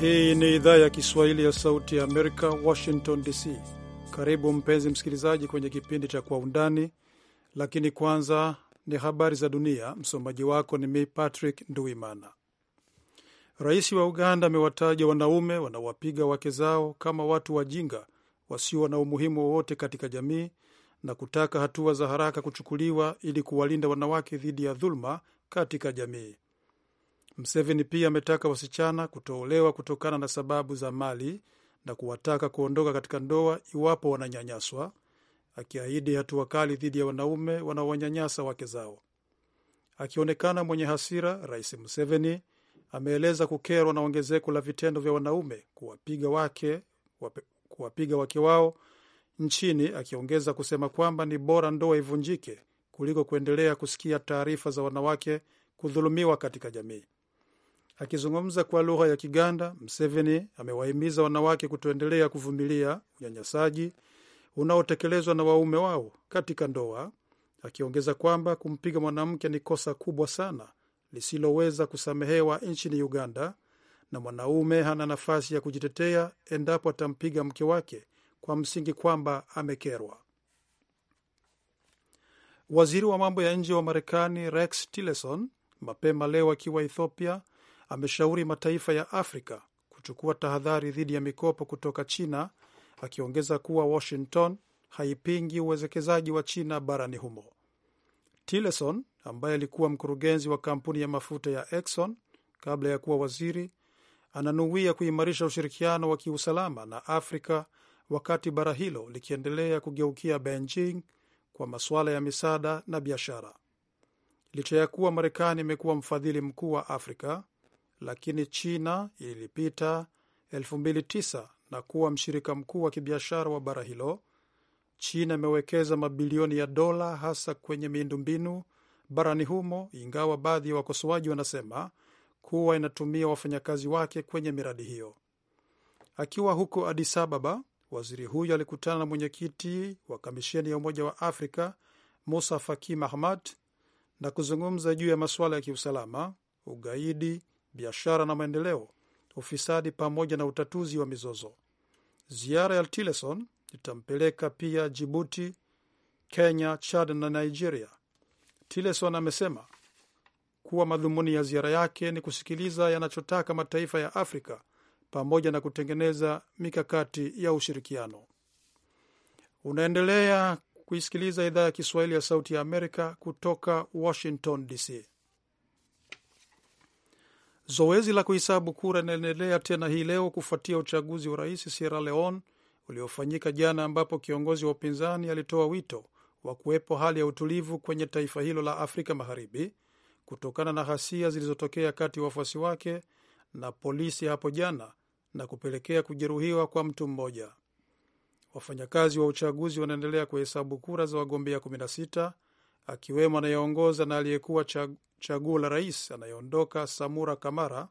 Hii ni idhaa ya Kiswahili ya Sauti ya Amerika, Washington DC. Karibu mpenzi msikilizaji kwenye kipindi cha Kwa Undani, lakini kwanza ni habari za dunia. Msomaji wako ni mi Patrick Nduimana. Rais wa Uganda amewataja wanaume wanaowapiga wake zao kama watu wajinga wasio na umuhimu wowote katika jamii na kutaka hatua za haraka kuchukuliwa ili kuwalinda wanawake dhidi ya dhuluma katika jamii. Mseveni pia ametaka wasichana kutoolewa kutokana na sababu za mali na kuwataka kuondoka katika ndoa iwapo wananyanyaswa, akiahidi hatua kali dhidi ya wanaume wanaowanyanyasa wake zao. Akionekana mwenye hasira, Rais Museveni ameeleza kukerwa na ongezeko la vitendo vya wanaume kuwapiga wake, kuwapiga wake wao nchini, akiongeza kusema kwamba ni bora ndoa ivunjike kuliko kuendelea kusikia taarifa za wanawake kudhulumiwa katika jamii. Akizungumza kwa lugha ya Kiganda, Mseveni amewahimiza wanawake kutoendelea kuvumilia unyanyasaji unaotekelezwa na waume wao katika ndoa, akiongeza kwamba kumpiga mwanamke ni kosa kubwa sana lisiloweza kusamehewa nchini Uganda, na mwanaume hana nafasi ya kujitetea endapo atampiga mke wake kwa msingi kwamba amekerwa. Waziri wa mambo ya nje wa Marekani Rex Tillerson mapema leo akiwa Ethiopia ameshauri mataifa ya Afrika kuchukua tahadhari dhidi ya mikopo kutoka China, akiongeza kuwa Washington haipingi uwezekezaji wa China barani humo. Tillerson ambaye alikuwa mkurugenzi wa kampuni ya mafuta ya Exxon kabla ya kuwa waziri, ananuia kuimarisha ushirikiano wa kiusalama na Afrika wakati bara hilo likiendelea kugeukia Beijing kwa masuala ya misaada na biashara. Licha ya kuwa Marekani imekuwa mfadhili mkuu wa Afrika, lakini China ilipita 2009 na kuwa mshirika mkuu wa kibiashara wa bara hilo. China imewekeza mabilioni ya dola hasa kwenye miundombinu barani humo, ingawa baadhi ya wa wakosoaji wanasema kuwa inatumia wafanyakazi wake kwenye miradi hiyo. Akiwa huko Addis Ababa, waziri huyo alikutana na mwenyekiti wa kamisheni ya Umoja wa Afrika Musa Faki Mahamat na kuzungumza juu ya masuala ya kiusalama, ugaidi biashara na maendeleo, ufisadi pamoja na utatuzi wa mizozo. Ziara ya Tillerson itampeleka pia Jibuti, Kenya, Chad na Nigeria. Tillerson amesema kuwa madhumuni ya ziara yake ni kusikiliza yanachotaka mataifa ya Afrika pamoja na kutengeneza mikakati ya ushirikiano. Unaendelea kuisikiliza idhaa ya Kiswahili ya Sauti ya Amerika kutoka Washington DC. Zoezi la kuhesabu kura linaendelea tena hii leo kufuatia uchaguzi wa rais Sierra Leone uliofanyika jana, ambapo kiongozi wa upinzani alitoa wito wa kuwepo hali ya utulivu kwenye taifa hilo la Afrika Magharibi kutokana na ghasia zilizotokea kati ya wafuasi wake na polisi hapo jana na kupelekea kujeruhiwa kwa mtu mmoja. Wafanyakazi wa uchaguzi wanaendelea kuhesabu kura za wagombea 16 akiwemo anayeongoza na aliyekuwa chaguo la rais anayeondoka Samura Kamara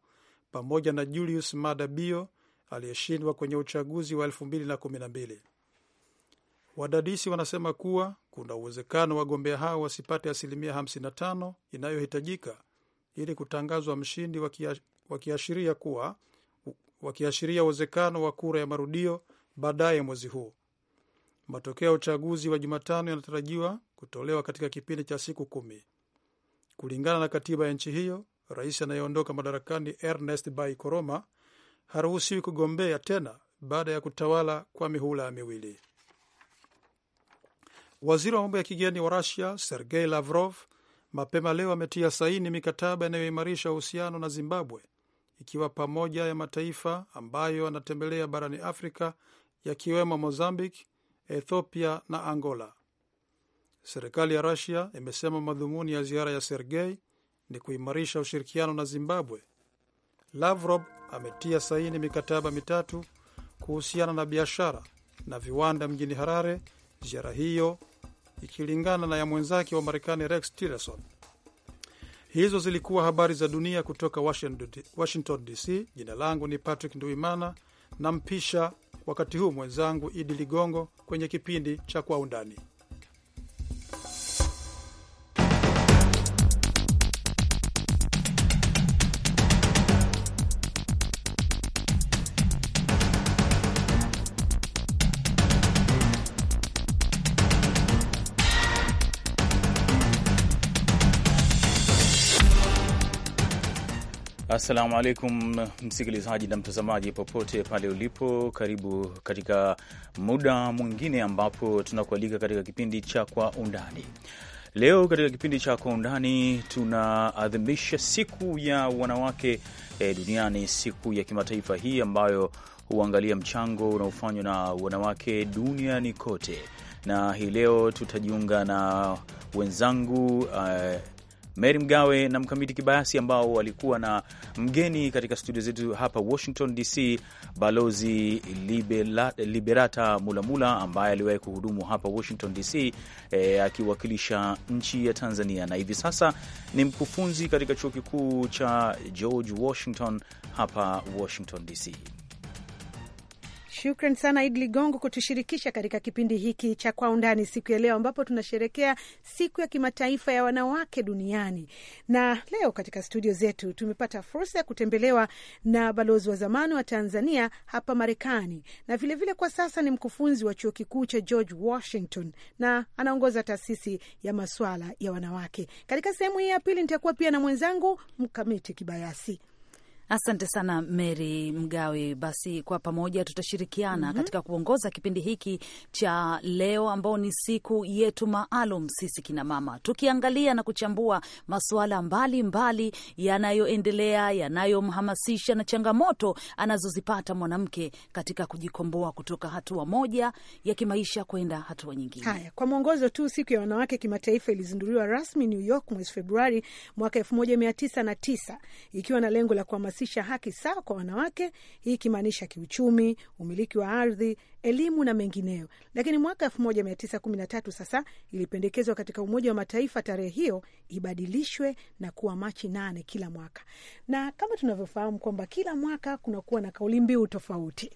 pamoja na Julius Mada Bio aliyeshindwa kwenye uchaguzi wa 2012. Wadadisi wanasema kuwa kuna uwezekano wagombea hao wasipate asilimia 55 inayohitajika ili kutangazwa mshindi, wakiashiria kuwa wakiashiria uwezekano wa kura ya marudio baadaye mwezi huu. Matokeo ya uchaguzi wa Jumatano yanatarajiwa kutolewa katika kipindi cha siku kumi. Kulingana na katiba ya nchi hiyo, rais anayeondoka madarakani Ernest Bai Koroma haruhusiwi kugombea tena baada ya kutawala kwa mihula miwili. Waziri wa mambo ya kigeni wa Rusia Sergei Lavrov mapema leo ametia saini mikataba inayoimarisha uhusiano na Zimbabwe, ikiwa pamoja ya mataifa ambayo anatembelea barani Afrika yakiwemo Mozambique, Ethiopia na Angola. Serikali ya rusia imesema madhumuni ya ziara ya Sergei ni kuimarisha ushirikiano na Zimbabwe. Lavrov ametia saini mikataba mitatu kuhusiana na biashara na viwanda mjini Harare, ziara hiyo ikilingana na ya mwenzake wa Marekani Rex Tillerson. Hizo zilikuwa habari za dunia kutoka Washington DC. Jina langu ni Patrick Nduimana, nampisha wakati huu mwenzangu Idi Ligongo kwenye kipindi cha Kwa Undani. Assalamu alaikum msikilizaji na mtazamaji popote pale ulipo, karibu katika muda mwingine ambapo tunakualika katika kipindi cha Kwa Undani. Leo katika kipindi cha Kwa Undani tunaadhimisha siku ya wanawake e, duniani, siku ya kimataifa hii ambayo huangalia mchango unaofanywa na wanawake duniani kote, na hii leo tutajiunga na wenzangu eh, Mary Mgawe na Mkamiti Kibayasi ambao walikuwa na mgeni katika studio zetu hapa Washington DC, Balozi Liberata Mulamula ambaye aliwahi kuhudumu hapa Washington DC e, eh, akiwakilisha nchi ya Tanzania na hivi sasa ni mkufunzi katika chuo kikuu cha George Washington hapa Washington DC. Shukran sana Idi Ligongo kutushirikisha katika kipindi hiki cha Kwa Undani siku ya leo, ambapo tunasherekea siku ya kimataifa ya wanawake duniani. Na leo katika studio zetu tumepata fursa ya kutembelewa na balozi wa zamani wa Tanzania hapa Marekani, na vilevile vile kwa sasa ni mkufunzi wa chuo kikuu cha George Washington na anaongoza taasisi ya maswala ya wanawake. Katika sehemu hii ya pili nitakuwa pia na mwenzangu Mkamiti Kibayasi. Asante sana Mary Mgawe. Basi kwa pamoja tutashirikiana mm -hmm. katika kuongoza kipindi hiki cha leo, ambao ni siku yetu maalum sisi kinamama, tukiangalia na kuchambua masuala mbalimbali yanayoendelea, yanayomhamasisha na changamoto anazozipata mwanamke katika kujikomboa kutoka hatua moja ya kimaisha kwenda hatua nyingine. Haya, kwa mwongozo tu, siku ya wanawake kimataifa ilizinduliwa rasmi New York mwezi Februari mwaka tisa ikiwa na lengo la kuhamasisha kuhamasisha haki sawa kwa wanawake, hii ikimaanisha kiuchumi, umiliki wa ardhi, elimu na mengineyo. Lakini mwaka 1913 sasa ilipendekezwa katika Umoja wa Mataifa tarehe hiyo ibadilishwe na kuwa Machi nane kila mwaka, na kama tunavyofahamu kwamba kila mwaka kunakuwa na kauli mbiu tofauti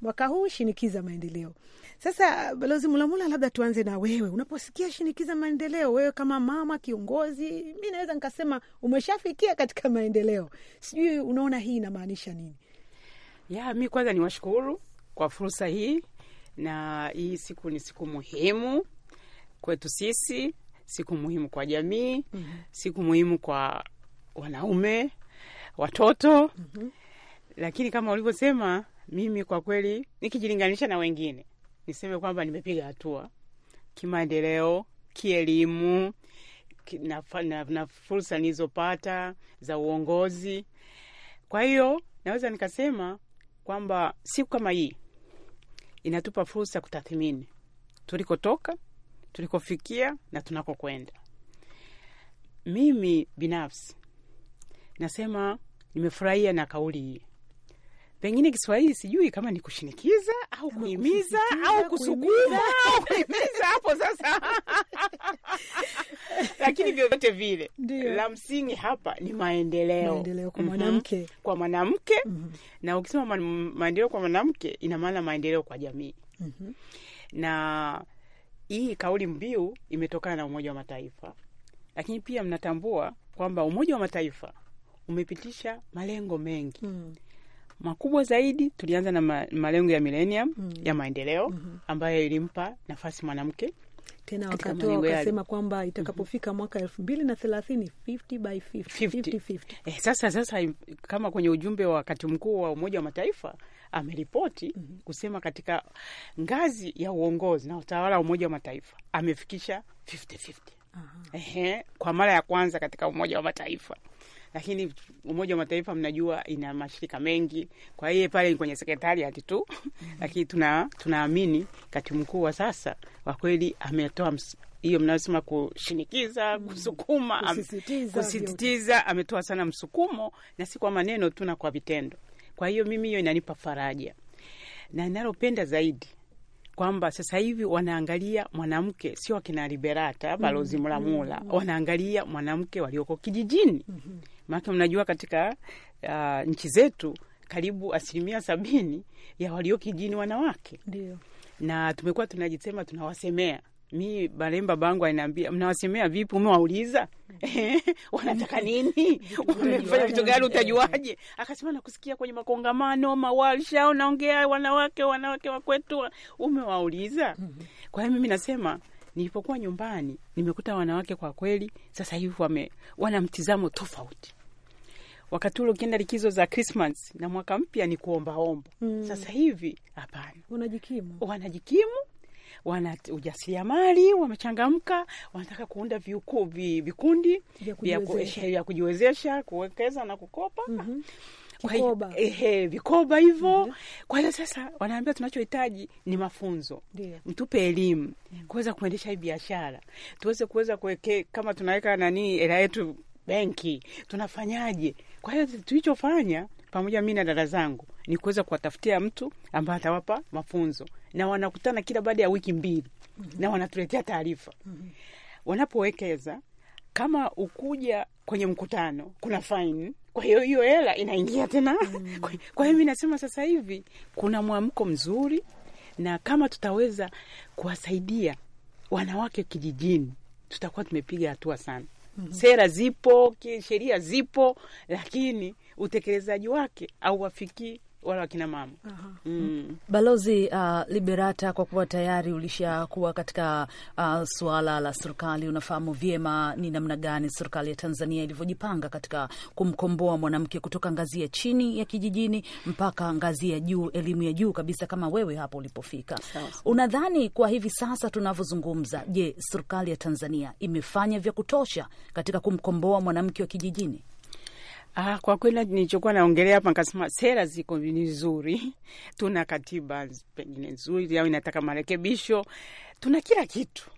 mwaka huu shinikiza maendeleo. Sasa Balozi Mulamula, labda tuanze na wewe. Unaposikia shinikiza maendeleo, wewe kama mama kiongozi, mi naweza nikasema umeshafikia katika maendeleo, sijui unaona hii inamaanisha nini? Ya, mi kwanza ni washukuru kwa fursa hii, na hii siku ni siku muhimu kwetu sisi, siku muhimu kwa jamii mm -hmm. siku muhimu kwa wanaume, watoto mm -hmm. Lakini kama ulivyosema mimi kwa kweli nikijilinganisha na wengine niseme kwamba nimepiga hatua kimaendeleo, kielimu na, na, na fursa nilizopata za uongozi. Kwa hiyo naweza nikasema kwamba siku kama hii inatupa fursa ya kutathmini tulikotoka, tulikofikia na tunakokwenda. Mimi binafsi nasema nimefurahia na kauli hii pengine Kiswahili sijui kama ni kushinikiza au kuhimiza au kusukuma au kuhimiza hapo sasa lakini vyovyote vile Dio. la msingi hapa ni maendeleo, maendeleo kwa mhm. mwanamke mm -hmm. kwa mwanamke mm -hmm. na ukisema maendeleo kwa mwanamke ina maana maendeleo kwa jamii mm -hmm. na hii kauli mbiu imetokana na Umoja wa Mataifa, lakini pia mnatambua kwamba Umoja wa Mataifa umepitisha malengo mengi mm makubwa zaidi, tulianza na ma malengo ya milenium mm. ya maendeleo mm -hmm. ambayo ilimpa nafasi mwanamke tena wakatoa wakasema kwamba mm-hmm. itakapofika mm -hmm. mwaka elfu mbili na thelathini 50 by 50, 50. Eh, sasa sasa kama kwenye ujumbe wa katibu mkuu wa Umoja wa Mataifa ameripoti mm -hmm. kusema katika ngazi ya uongozi na utawala wa Umoja wa Mataifa amefikisha 50, 50. Ehe, kwa mara ya kwanza katika Umoja wa Mataifa lakini Umoja wa Mataifa mnajua ina mashirika mengi, kwa hiyo pale kwenye sekretariati tu mhm. lakini tuna tunaamini katibu mkuu wa sasa kwa kweli ametoa hiyo mnasema kushinikiza, mhm. kusukuma, kusisitiza, am, ametoa sana msukumo, na si kwa maneno tu na kwa vitendo. Kwa hiyo mimi hiyo inanipa faraja, na inalopenda zaidi kwamba sasa hivi wanaangalia mwanamke, sio akina Liberata Balozi Mulamula, mhm. wanaangalia mwanamke walioko kijijini. mm -hmm. Maanake mnajua katika uh, nchi zetu karibu asilimia sabini ya walio kijini wanawake. Ndio. Na tumekuwa tunajisema tunawasemea mi baremba bangu anaambia mnawasemea vipi? Umewauliza wanataka nini? wamefanya vitu gani? Utajuaje? Akasema nakusikia kwenye makongamano, mawarsha, unaongea wanawake, wanawake wakwetu, umewauliza? Mm-hmm. Kwa hiyo mimi nasema nilipokuwa nyumbani nimekuta wanawake kwa kweli sasa hivi wame wana mtizamo tofauti wakati ule ukienda likizo za Christmas na mwaka mpya ni kuombaomba mm. Sasa hivi hapana, wanajikimu wanajikimu wana ujasiriamali, wamechangamka, wanataka kuunda viuku, vi, vikundi vya kujiwezesha, kuwekeza na kukopa mm -hmm. Vikoba. Ehe, vikoba hivyo mm -hmm. Kwa hiyo sasa wanaambia tunachohitaji ni mafunzo yeah. Mtupe elimu mm kuweza kuendesha hii biashara tuweze kuweza kuweke kama tunaweka nani hela yetu benki tunafanyaje? Kwa hiyo tulichofanya pamoja mi na dada zangu ni kuweza kuwatafutia mtu ambaye atawapa mafunzo, na wanakutana kila baada ya wiki mbili mm -hmm. na wanatuletea taarifa mm -hmm. wanapowekeza kama ukuja kwenye mkutano kuna faini, kwa hiyo hiyo hela inaingia tena mm. Kwa hiyo mi nasema sasa hivi kuna mwamko mzuri, na kama tutaweza kuwasaidia wanawake kijijini tutakuwa tumepiga hatua sana. -hmm. Sera zipo, sheria zipo, lakini utekelezaji wake hauwafikii wala wakina mama mm. Balozi uh, Liberata, kwa kuwa tayari ulishakuwa katika uh, suala la serikali, unafahamu vyema ni namna gani serikali ya Tanzania ilivyojipanga katika kumkomboa mwanamke kutoka ngazi ya chini ya kijijini mpaka ngazi ya juu, elimu ya juu kabisa, kama wewe hapo ulipofika. Unadhani kwa hivi sasa tunavyozungumza, je, serikali ya Tanzania imefanya vya kutosha katika kumkomboa mwanamke wa kijijini? Ah, kwa kweli nilichokuwa naongelea hapa nikasema sera ziko nzuri, tuna katiba pengine nzuri au inataka marekebisho, tuna kila kitu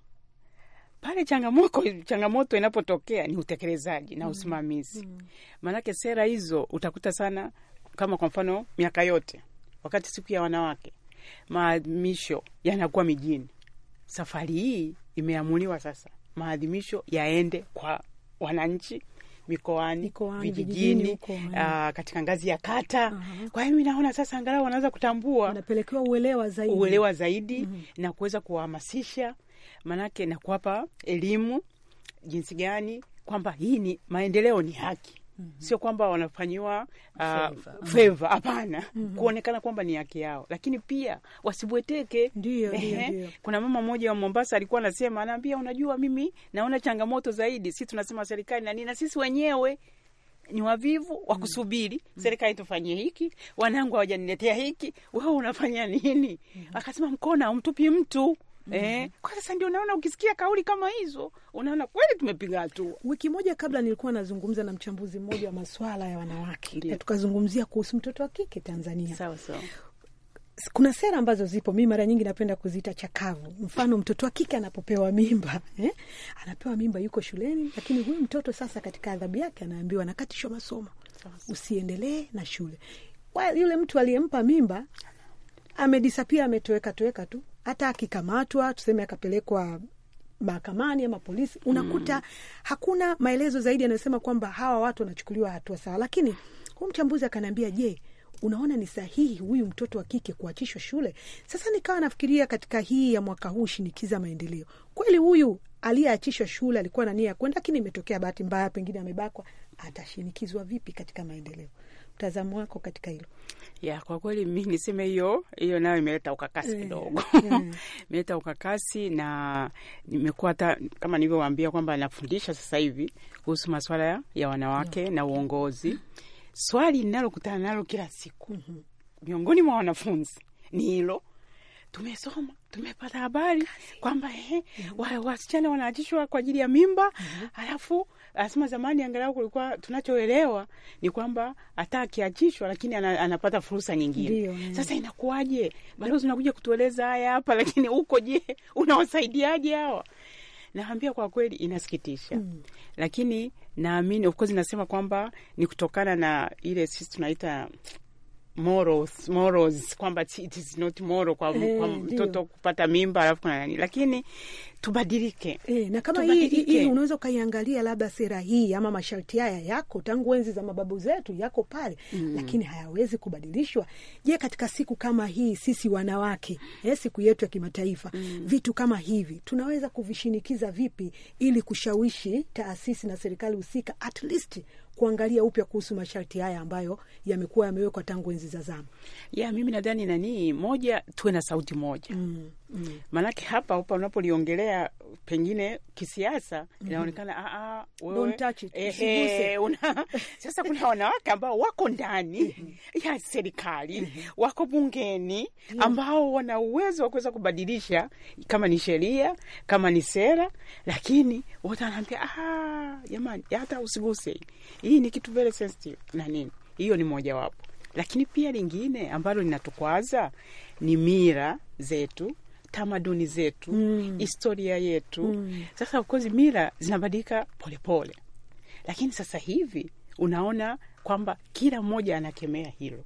pale. Changamoto, changamoto inapotokea ni utekelezaji na mm. usimamizi. mm -hmm. sera hizo utakuta sana, kama kwa mfano miaka yote wakati siku ya wanawake maadhimisho yanakuwa mijini, safari hii imeamuliwa sasa maadhimisho yaende kwa wananchi mikoani, mikoani vijijini, uh, eh. katika ngazi ya kata uh -huh. Kwa hiyo mi naona sasa angalau wanaweza kutambua, wanapelekewa uelewa zaidi, uelewa zaidi mm -hmm. na kuweza kuwahamasisha manake na kuwapa elimu jinsi gani kwamba hii ni maendeleo ni haki -hmm. Sio kwamba wanafanyiwa uh, feva, hapana mm -hmm. kuonekana kwamba ni haki yao, lakini pia wasibweteke. Ndio, kuna mama mmoja wa Mombasa alikuwa anasema, anaambia, unajua mimi naona changamoto zaidi, si tunasema serikali na na sisi wenyewe ni wavivu wa mm. kusubiri mm. serikali tufanyie hiki, wanangu hawajaniletea hiki, wewe unafanya nini? mm -hmm. Akasema mkono amtupi mtu Eh, mm-hmm. kwa sasa ndio unaona, ukisikia kauli kama hizo unaona kweli tumepiga hatua. Wiki moja kabla nilikuwa nazungumza na mchambuzi mmoja wa masuala ya wanawake na tukazungumzia kuhusu mtoto wa kike Tanzania. Sawa sawa kuna sera ambazo zipo, mi mara nyingi napenda kuziita chakavu. Mfano, mtoto wa kike anapopewa mimba eh, anapewa mimba yuko shuleni, lakini huyu mtoto sasa, katika adhabu yake, anaambiwa nakatishwa masomo, usiendelee na shule. Yule mtu aliyempa mimba amedisapia, ametoweka toweka tu hata akikamatwa tuseme akapelekwa mahakamani ama polisi, unakuta mm. hakuna maelezo zaidi yanayosema kwamba hawa watu wanachukuliwa hatua sawa. Lakini huu mchambuzi akaniambia, je, unaona ni sahihi huyu mtoto wa kike kuachishwa shule? Sasa nikawa nafikiria katika hii ya mwaka huu shinikiza maendeleo, kweli huyu aliyeachishwa shule alikuwa na nia ya kwenda, lakini imetokea bahati mbaya, pengine amebakwa, atashinikizwa vipi katika maendeleo? mtazamo wako katika hilo? Ya, kwa kweli mi niseme hiyo hiyo nayo imeleta ukakasi eh, kidogo yeah. imeleta ukakasi na nimekuwa hata kama nilivyowaambia kwamba nafundisha sasa hivi kuhusu maswala ya, ya wanawake yeah. na uongozi. Swali ninalokutana nalo kila siku mm -hmm. miongoni mwa wanafunzi ni hilo Tumesoma, tumepata habari kwamba eh, mhm. wasichana wanaachishwa kwa ajili ya mimba mm -hmm. alafu Anasema zamani angalau kulikuwa tunachoelewa ni kwamba hata akiachishwa, lakini anapata fursa nyingine. Eh. Sasa inakuwaje? Balozi unakuja kutueleza haya hapa, lakini huko je, unawasaidiaje hawa? Naambia kwa kweli inasikitisha mm. Lakini naamini of course, nasema kwamba ni kutokana na ile sisi tunaita morals, morals kwamba it is not moral kwa, eh, kwa mtoto kupata mimba alafu kuna nani, lakini tubadilike e, na kama hii hii unaweza ukaiangalia labda sera hii ama masharti haya yako tangu enzi za mababu zetu yako pale mm. lakini hayawezi kubadilishwa. Je, katika siku kama hii sisi wanawake eh, siku yetu ya kimataifa mm. vitu kama hivi tunaweza kuvishinikiza vipi ili kushawishi taasisi na serikali husika at least kuangalia upya kuhusu masharti haya ambayo yamekuwa yamewekwa tangu enzi za zama. Ya mimi nadhani nani moja, tuwe na sauti moja mm. mm. maanake hapa upa unapoliongelea kuelekea pengine kisiasa mhm. inaonekana mm -hmm. Wewe, eh, eh, una, sasa kuna wanawake ambao wako ndani mhm. ya serikali mhm. wako bungeni ambao wana uwezo wa kuweza kubadilisha kama ni sheria kama ni sera, lakini wote wanaambia ah, jamani, hata usiguse hii, ni kitu very sensitive na nini. Hiyo ni mojawapo, lakini pia lingine ambalo linatukwaza ni mira zetu tamaduni zetu mm. historia yetu mm. Sasa of course mila zinabadilika polepole, lakini sasa hivi unaona kwamba kila mmoja anakemea hilo.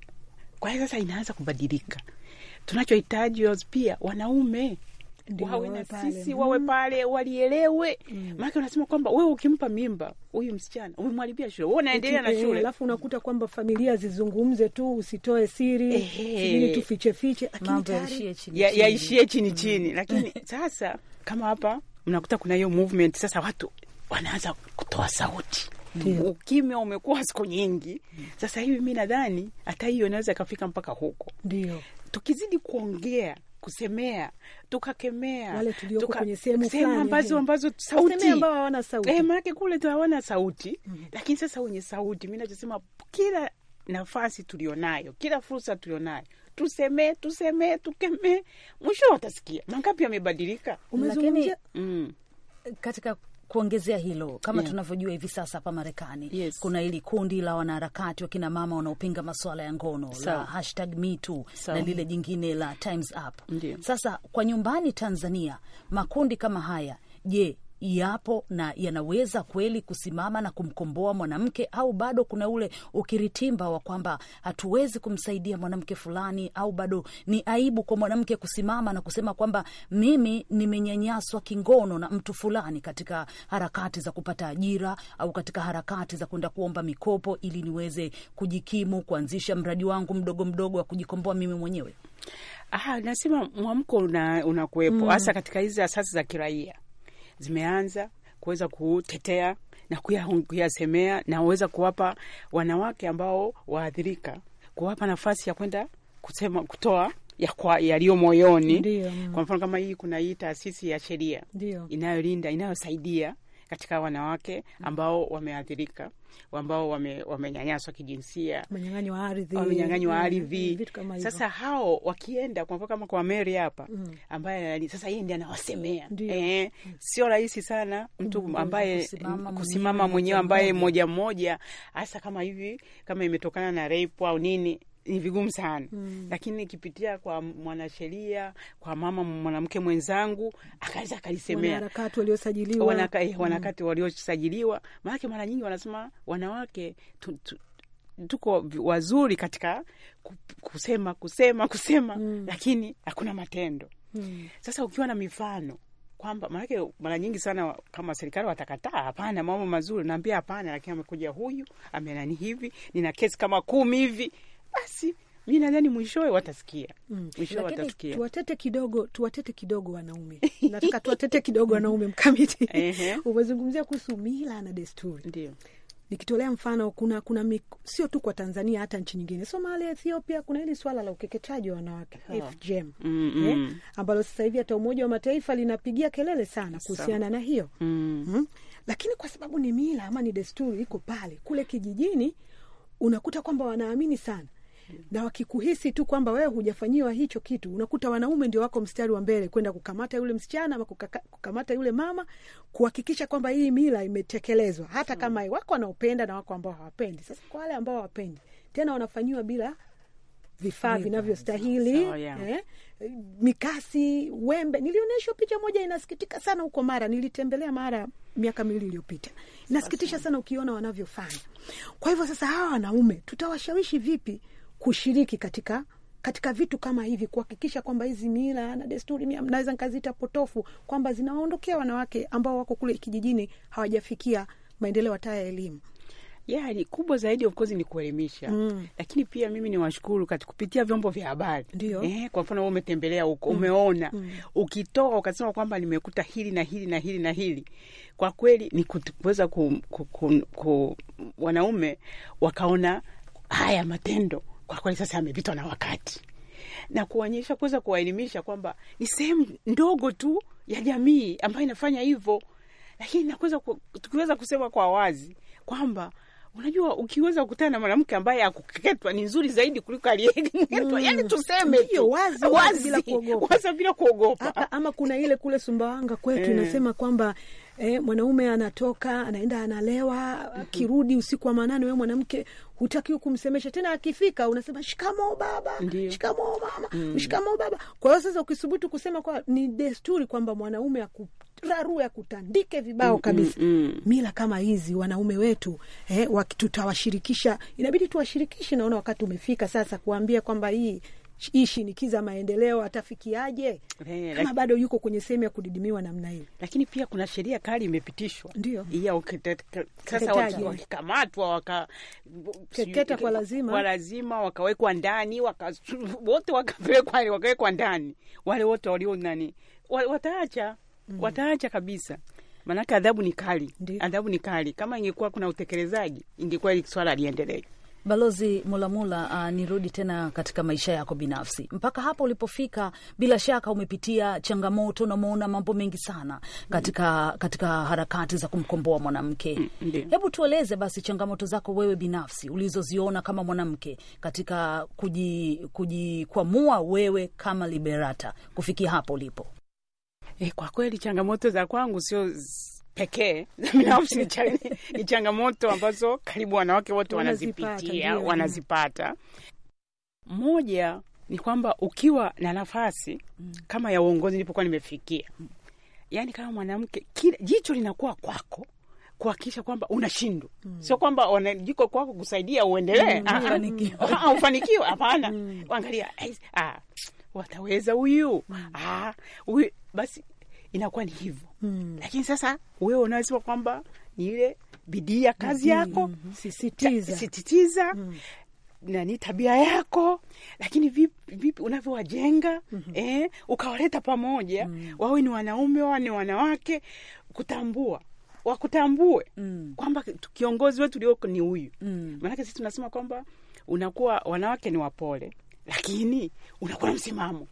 Kwa hiyo sasa inaanza kubadilika. Tunachohitaji pia wanaume wawe na sisi mm-hmm. wawe pale walielewe, mm. maanake unasema kwamba wewe ukimpa mimba huyu msichana umemharibia shule, wewe unaendelea na eh, shule, alafu unakuta kwamba familia zizungumze tu, usitoe siri ili tufiche fiche, lakini yaishie chini mm. chini. Lakini sasa kama hapa mnakuta kuna hiyo movement sasa, watu wanaanza kutoa sauti Mm. Ukimya umekuwa siku nyingi mm. sasa hivi, mi nadhani hata hiyo inaweza ikafika mpaka huko. Ndio tukizidi kuongea kusemea tukakemea wale tulioko tuka, kwenye sehemu ambazo ambazo sauti ambao hawana sauti eh, kule tu hawana sauti mm -hmm. Lakini sasa wenye sauti, mimi nachosema kila nafasi tulionayo, kila fursa tulionayo tusemee, tusemee, tukemee, mwisho watasikia. Mangapi yamebadilika, umezungumzia mm. katika kuongezea hilo kama yeah, tunavyojua hivi sasa hapa Marekani yes, kuna hili kundi la wanaharakati wa kina mama wanaopinga masuala ya ngono so, la hashtag me too so, na lile jingine la times up Sasa kwa nyumbani Tanzania makundi kama haya, je, yapo na yanaweza kweli kusimama na kumkomboa mwanamke, au bado kuna ule ukiritimba wa kwamba hatuwezi kumsaidia mwanamke fulani, au bado ni aibu kwa mwanamke kusimama na kusema kwamba mimi nimenyanyaswa kingono na mtu fulani katika harakati za kupata ajira au katika harakati za kwenda kuomba mikopo ili niweze kujikimu, kuanzisha mradi wangu mdogo mdogo wa kujikomboa mimi mwenyewe. Aha, nasema mwamko unakuwepo una mm. hasa mm, katika hizi asasi za kiraia zimeanza kuweza kutetea na kuyasemea na weza kuwapa wanawake ambao waathirika, kuwapa nafasi ya kwenda kusema, kutoa yaliyo ya moyoni. Kwa mfano kama hii, kuna hii taasisi ya sheria inayolinda inayosaidia katika wanawake mm. ambao wameathirika, ambao wame, wamenyanyaswa kijinsia, wamenyang'anywa wa ardhi. Mm, mm, sasa hao wakienda kwa mfano kama kwa Mary hapa mm. ambaye sasa yeye ndiye anawasemea eh, sio rahisi sana mtu ambaye kusimama, kusimama mwenyewe ambaye moja moja, hasa kama hivi kama imetokana na rape au nini ni vigumu sana mm. Lakini nikipitia kwa mwanasheria, kwa mama mwanamke mwenzangu, akaweza akalisemea wanaharakati waliosajiliwa, wanaka, mm. waliosajiliwa. Maanake mara nyingi wanasema wanawake tu, tu, tuko wazuri katika kusema kusema kusema mm. lakini hakuna matendo mm. Sasa ukiwa na mifano kwamba maanake mara nyingi sana kama serikali watakataa, hapana, mambo mazuri naambia hapana, lakini amekuja huyu amenani hivi, nina kesi kama kumi hivi basi mi nadhani mwishowe watasikia, mwisho mm. watasikia. Tuwatete kidogo, tuwatete kidogo wanaume. Nataka tuwatete kidogo wanaume. Mkamiti, umezungumzia kuhusu mila na desturi, ndio nikitolea mfano kuna kuna sio tu kwa Tanzania, hata nchi nyingine Somalia, Ethiopia, kuna hili swala la ukeketaji wa wanawake oh. FGM, mm -mm. Eh, ambalo sasa hivi hata Umoja wa Mataifa linapigia kelele sana kuhusiana na hiyo mm. Mm. Lakini kwa sababu ni mila ama ni desturi iko pale, kule kijijini unakuta kwamba wanaamini sana na wakikuhisi tu kwamba wewe hujafanyiwa hicho kitu, unakuta wanaume ndio wako mstari wa mbele kwenda kukamata yule msichana ama kukamata yule mama, kuhakikisha kwamba hii mila imetekelezwa, hata hmm. kama wako wanaopenda na wako ambao hawapendi. Sasa kwa wale ambao hawapendi tena, wanafanyiwa bila vifaa vinavyostahili yeah. Eh, mikasi, wembe. Nilionyeshwa picha moja inasikitika sana huko Mara, nilitembelea Mara miaka miwili iliyopita. Inasikitisha sana ukiona wanavyofanya. Kwa hivyo sasa, hawa wanaume tutawashawishi vipi kushiriki katika katika vitu kama hivi kuhakikisha kwamba hizi mila na desturi naweza nikaziita potofu kwamba zinawaondokea wanawake ambao wako kule kijijini hawajafikia maendeleo hata ya elimu. Yeah, ni kubwa zaidi of course ni kuelimisha. Mm. Lakini pia mimi ni washukuru kati kupitia vyombo vya habari. Ndio. Eh, kwa mfano wewe umetembelea huko, mm. umeona. Mm. Ukitoka ukasema kwamba nimekuta hili na hili na hili na hili. Kwa kweli ni kuweza ku, ku, ku, ku wanaume wakaona haya matendo Mm kwa kweli sasa amepitwa na wakati, na kuonyesha kuweza kuwaelimisha kwamba ni sehemu ndogo tu ya jamii ambayo inafanya hivyo, lakini nakuweza tukiweza kusema kwa wazi kwamba unajua ukiweza kukutana na mwanamke ambaye akukeketwa ni nzuri zaidi kuliko aliyekeketwa. Mm. Yani tuseme tu wazi wazi bila kuogopa, ama kuna ile kule Sumbawanga kwetu eh. inasema kwamba E, mwanaume anatoka anaenda analewa, mhm. akirudi usiku wa manane, wewe mwanamke hutakiwa kumsemesha tena. Akifika unasema shikamoo baba, shikamo mama, mm. shikamo baba. Kwa hiyo sasa ukisubutu kusema kwa ni desturi kwamba mwanaume aku akutandike kutandike vibao kabisa. mm, mm, mm. Mila kama hizi wanaume wetu eh, tutawashirikisha, inabidi tuwashirikishe. Naona wakati umefika sasa kuambia kwamba hii hii shinikiza maendeleo atafikiaje eh, kama bado yuko kwenye sehemu ya kudidimiwa namna hiyo. Lakini pia kuna sheria kali imepitishwa, ndio sasa wakikamatwa kwa lazima, kwa lazima wakawekwa ndani waka, wote wakawekwa wakawekwa ndani wale wote walio nani wataacha mm. wataacha kabisa maanake adhabu ni kali, adhabu ni kali. Kama ingekuwa kuna utekelezaji, ingekuwa ili swala liendelee. Balozi Mulamula, uh, ah, nirudi tena katika maisha yako binafsi. Mpaka hapo ulipofika, bila shaka umepitia changamoto na umeona mambo mengi sana katika, katika harakati za kumkomboa mwanamke. Mm, Hebu tueleze basi changamoto zako wewe binafsi ulizoziona kama mwanamke katika kujikwamua kuji, wewe kama Liberata kufikia hapo ulipo. E, kwa kweli changamoto za kwangu sio pekee binafsi ni, ni changamoto ambazo karibu wanawake wote wanazipitia wanazipata. Moja ni kwamba ukiwa na nafasi mm. kama ya uongozi nilipokuwa nimefikia mm. yani kama mwanamke kila jicho linakuwa kwako kuhakikisha kwamba unashindwa mm. sio kwamba wanajiko kwako kusaidia uendelee mm, ah, ah. ufanikiwe, ah, hapana. Angalia eh, wataweza huyu huyu, basi inakuwa ni hivyo mm. Lakini sasa wewe unasema kwamba ni ile bidii ya kazi yako mm -hmm. sisitiza, sisitiza. Mm ni tabia yako, lakini vipi, vipi unavyowajenga mm -hmm. eh, ukawaleta pamoja mm -hmm. wawe ni wanaume wawe ni wanawake, kutambua wakutambue mm -hmm. kwamba kiongozi wetu ulioko ni huyu mm -hmm. maanake sisi tunasema kwamba unakuwa wanawake ni wapole, lakini unakuwa na msimamo,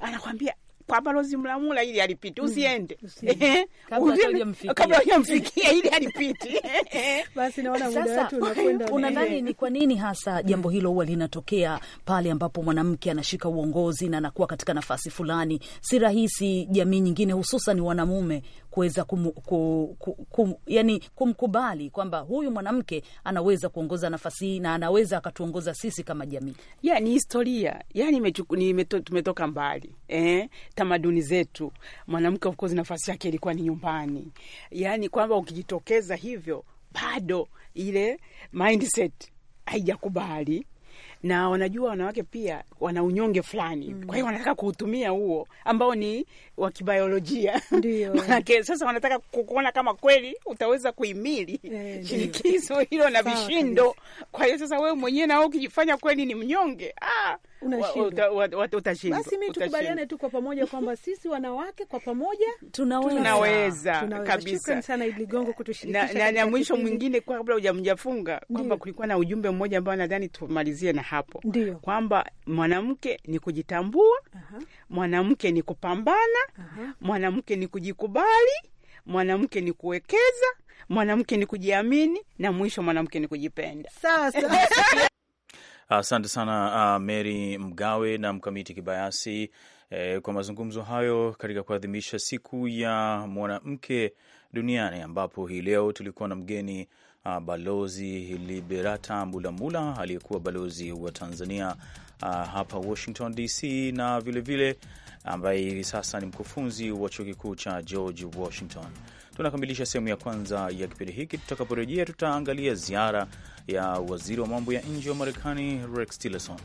anakwambia kwa balozi Mlamula ili alipiti, mm, usiende kabla hujamfikia ili alipiti. Basi naona muda wetu unakwenda. Unadhani ni kwa nini hasa jambo hilo huwa linatokea pale ambapo mwanamke anashika uongozi na anakuwa katika nafasi fulani? Si rahisi jamii nyingine, hususan wanamume kuweza kum, kum, kum, yani kumkubali kwamba huyu mwanamke anaweza kuongoza nafasi hii na anaweza akatuongoza sisi kama jamii. Yeah, ni historia yani tumetoka mbali eh, tamaduni zetu, mwanamke of course nafasi yake ilikuwa ni nyumbani, yani kwamba ukijitokeza hivyo bado ile mindset haijakubali na wanajua wanawake pia wana unyonge fulani mm. Kwa hiyo wanataka kuutumia huo ambao ni wa kibiolojia manake sasa wanataka kuona kama kweli utaweza kuhimili eh, shinikizo hilo na vishindo. Kwa hiyo sasa wewe mwenyewe nao ukijifanya kweli ni mnyonge ah, basi mi tukubaliane tu kwa pamoja kwamba sisi wanawake kwa pamoja tunaweza, tunaweza, tunaweza kabisa sana. Idi Ligongo kutushirikisha na, na, na mwisho mwingine kabla hujamjafunga kwamba kulikuwa na ujumbe mmoja ambao nadhani tumalizie na hapo Ndiyo. kwamba mwanamke ni kujitambua uh-huh. mwanamke ni kupambana uh-huh. mwanamke ni kujikubali, mwanamke ni kuwekeza, mwanamke ni kujiamini, na mwisho mwanamke ni kujipenda. Sasa asante sana uh, Mary Mgawe na Mkamiti Kibayasi eh, kwa mazungumzo hayo katika kuadhimisha siku ya mwanamke duniani ambapo hii leo tulikuwa na mgeni uh, Balozi Liberata Mulamula aliyekuwa balozi wa Tanzania uh, hapa Washington DC na vilevile ambaye hivi sasa ni mkufunzi wa chuo kikuu cha George Washington. Tunakamilisha sehemu ya kwanza ya kipindi hiki. Tutakaporejea tutaangalia ziara ya waziri wa mambo ya nje wa Marekani Rex Tillerson.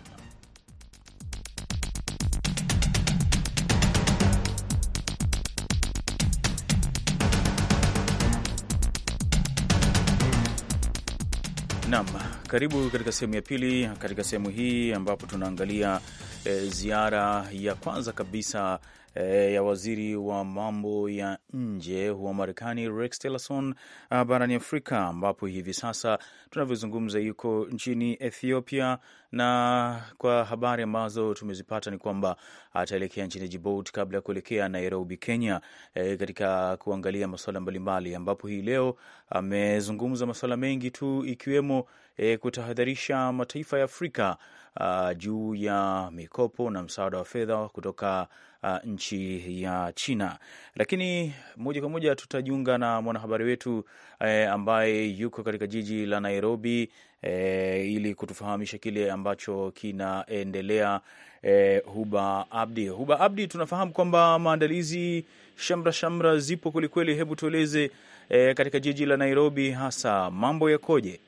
Karibu katika sehemu ya pili, katika sehemu hii ambapo tunaangalia e, ziara ya kwanza kabisa e, ya waziri wa mambo ya nje wa Marekani Rex Tillerson barani Afrika, ambapo hivi sasa tunavyozungumza yuko nchini Ethiopia, na kwa habari ambazo tumezipata ni kwamba ataelekea nchini Djibouti kabla ya kuelekea Nairobi, Kenya, e, katika kuangalia masuala mbalimbali, ambapo hii leo amezungumza masuala mengi tu ikiwemo e, kutahadharisha mataifa ya Afrika uh, juu ya mikopo na msaada wa fedha kutoka uh, nchi ya China. Lakini moja kwa moja tutajiunga na mwanahabari wetu eh, ambaye yuko katika jiji la Nairobi eh, ili kutufahamisha kile ambacho kinaendelea. Eh, Huba Abdi, Huba Abdi, tunafahamu kwamba maandalizi shamra shamra zipo kwelikweli. Hebu tueleze eh, katika jiji la Nairobi hasa mambo yakoje?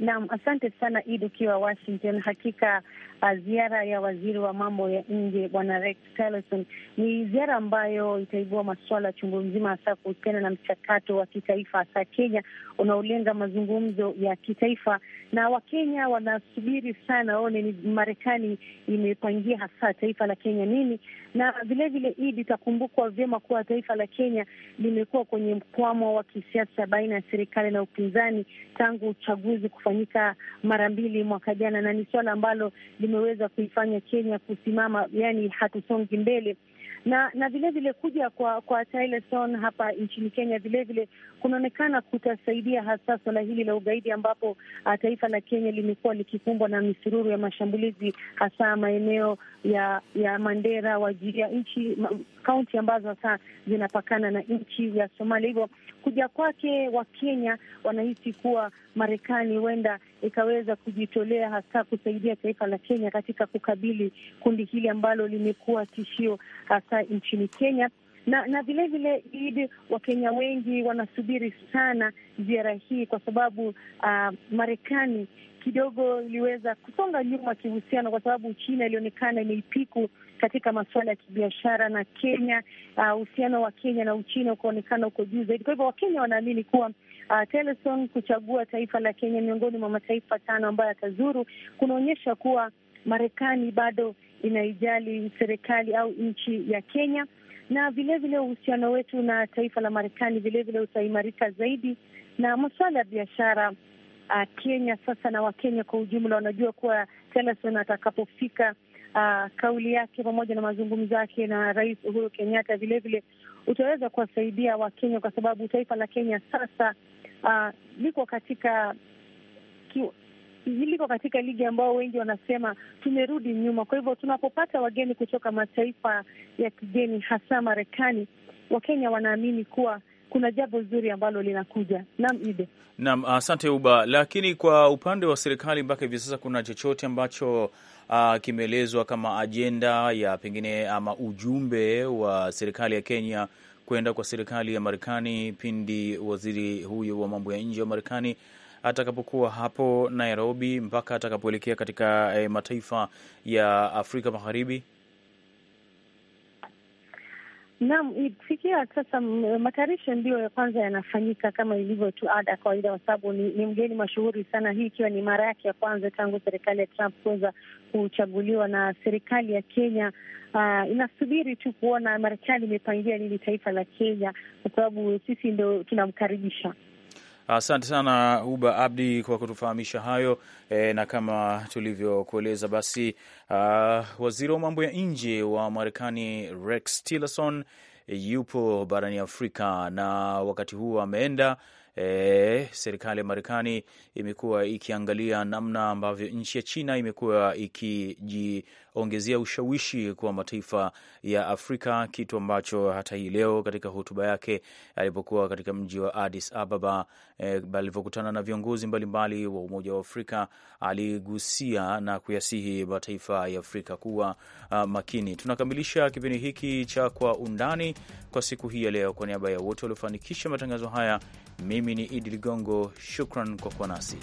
Naam, asante sana Idi ukiwa Washington. Hakika ziara ya waziri wa mambo ya nje Bwana Rex Tillerson ni ziara ambayo itaibua masuala chungu mzima, hasa kuhusiana na mchakato wa kitaifa, hasa Kenya unaolenga mazungumzo ya kitaifa, na Wakenya wanasubiri sana waone ni Marekani imepangia hasa taifa la Kenya nini, na vilevile Idi itakumbukwa vyema kuwa taifa la Kenya limekuwa kwenye mkwamo wa kisiasa baina ya serikali na upinzani tangu uchaguzi kufanyika mara mbili mwaka jana, na ni suala ambalo lime imeweza kuifanya Kenya kusimama, yani hatusongi mbele na na vilevile kuja kwa kwa Tillerson hapa nchini Kenya vilevile kunaonekana kutasaidia hasa suala hili la ugaidi, ambapo ah, taifa la Kenya limekuwa likikumbwa na misururu ya mashambulizi hasa maeneo ya ya Mandera, wajiria nchi kaunti ambazo hasa zinapakana na nchi ya Somalia. Hivyo kuja kwake Wakenya wanahisi kuwa Marekani huenda ikaweza kujitolea hasa kusaidia taifa la Kenya katika kukabili kundi hili ambalo limekuwa tishio hasa nchini Kenya na na vilevile Eid, Wakenya wengi wanasubiri sana ziara hii kwa sababu uh, Marekani kidogo iliweza kusonga nyuma kihusiano, kwa sababu China ilionekana imeipiku katika masuala ya kibiashara na Kenya. Ah, uhusiano wa Kenya na Uchina ukaonekana uko juu zaidi. Kwa hivyo Wakenya wanaamini kuwa uh, ah, Tillerson kuchagua taifa la Kenya miongoni mwa mataifa tano ambayo atazuru kunaonyesha kuwa Marekani bado inaijali serikali au nchi ya Kenya na vilevile uhusiano wetu na taifa la Marekani vilevile utaimarika zaidi, na masuala ya biashara uh, Kenya sasa na Wakenya kwa ujumla wanajua kuwa Tillerson atakapofika Uh, kauli yake pamoja na mazungumzo yake na Rais Uhuru Kenyatta vilevile utaweza kuwasaidia Wakenya kwa sababu taifa la Kenya sasa uh, liko katika liko katika ligi ambao wengi wanasema tumerudi nyuma. Kwa hivyo tunapopata wageni kutoka mataifa ya kigeni, hasa Marekani, Wakenya wanaamini kuwa kuna jambo zuri ambalo linakuja. Naam, Ide. Naam, asante Uba. Lakini kwa upande wa serikali mpaka hivi sasa kuna chochote ambacho uh, kimeelezwa kama ajenda ya pengine ama ujumbe wa serikali ya Kenya kwenda kwa serikali ya Marekani pindi waziri huyo wa mambo ya nje wa Marekani atakapokuwa hapo Nairobi mpaka atakapoelekea katika e, mataifa ya Afrika Magharibi? Naam, ifikia sasa matayarisho ndiyo ya kwanza yanafanyika kama ilivyo tu ada ya kawaida, kwa sababu ni, ni mgeni mashuhuri sana, hii ikiwa ni mara yake ya kwanza tangu serikali ya Trump kuweza kuchaguliwa. Na serikali ya Kenya uh, inasubiri tu kuona Marekani imepangia nini taifa la Kenya, kwa sababu sisi ndo tunamkaribisha Asante sana Uba Abdi kwa kutufahamisha hayo e, na kama tulivyokueleza basi, uh, waziri wa mambo ya nje wa Marekani Rex Tillerson yupo barani Afrika na wakati huu ameenda e, serikali ya Marekani imekuwa ikiangalia namna ambavyo nchi ya China imekuwa ikijiongezea ushawishi kwa mataifa ya Afrika, kitu ambacho hata hii leo katika hotuba yake alipokuwa katika mji wa Addis Ababa e, alivyokutana na viongozi mbalimbali wa Umoja wa Afrika aligusia na kuyasihi mataifa ya Afrika kuwa a, makini. Tunakamilisha kipindi hiki cha Kwa Undani kwa siku hii ya leo. Kwa niaba ya wote waliofanikisha matangazo haya mimi ni Idi Ligongo, shukran kwa kuwa nasi.